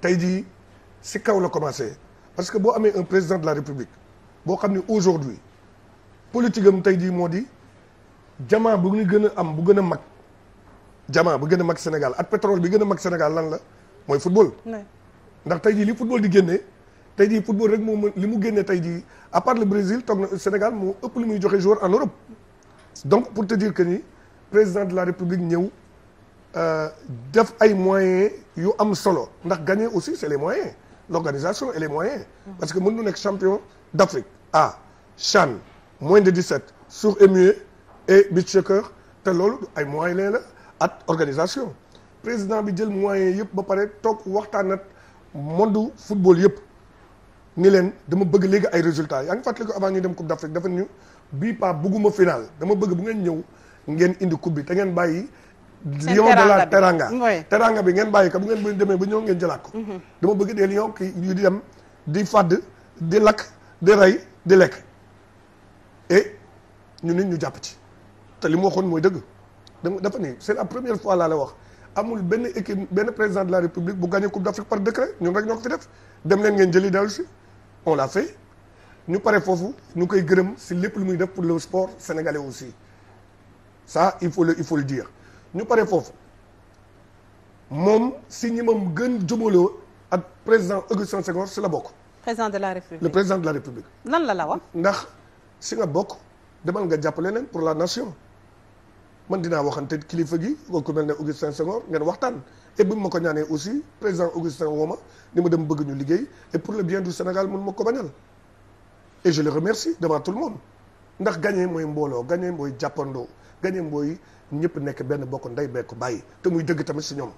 tey jii si kaw la commencé parce que boo amee un président de la république boo xam ne aujourd'hui politique am tey jii moo di jamaa bu ñu gën a am bu gën a mag jamaa bu gën a mag Sénégal ak pétrole bi gën a mag Sénégal lan la mooy football. ndax tey jii li football di génnee tey jii football rek moom li mu génnee tey ji à part Brésil toog na Sénégal moo ëpp li muy joxe joueur en Europe donc pour te dire que ni président de la République ñëw. Euh, def ay moyens yu am solo ndax gagner aussi c'est les moyens l'organisation et les moyens parce que mën nu nekk champion d'Afrique ah CHAN moins de 17 sourds et muets et beach soccer te loolu ay moyens leen la at organisation président bi jël moyens yëpp ba pare toog waxtaan ak monde football yëpp ni leen dama bëgg léegi ay résultats yaa ngi ko avant ñu dem Coupe d'Afrique dafa ñu bii pas bëgguma final dama bëgg bu ngeen ñëw ngeen indi coupe bi te ngeen bàyyi lion de la teranga teranga bi ngeen bàyyi ko bu ngeen bu demee ba ñëw ngeen jëlaat ko mhm. dama bëgg des lions ki yu di dem di fàdd di lakk di rey di lekk et ñu nit ñu jàpp ci te li mu waxoon mooy dëgg dafa ne c'est la première fois laa la wax amul benn équipe benn président de la république bu gagné coupe d'Afrique par décret ñun rek ñoo ko fi def dem leen ngeen jëli dellu si on l'a fait ñu pare foofu ñu koy gërëm si lépp lu muy def pour le sport sénégalais aussi ça il faut le il faut ñu pare foofu moom si ñi moom gën jubaloo ak président Augustin Senghor si la bokk. président la république le président de la république. lan la la wax. ndax si nga bokk demal nga jàpp leneen pour la nation man dinaa waxante kilifa gi ko ku mel ne Augustin Senghor ngeen waxtaan et bu ma ko ñaanee aussi président Augustin wooma ni ma dem bëgg ñu liggéey et pour le bien du Sénégal mun ma ko bañal et je le remercie devant tout le monde ndax gagné mooy mbooloo gagné mooy jàppandoo. gañe mbooy ñëpp nekk benn bokk ndey bee ko bàyyi te muy dëgg tamit si ñoom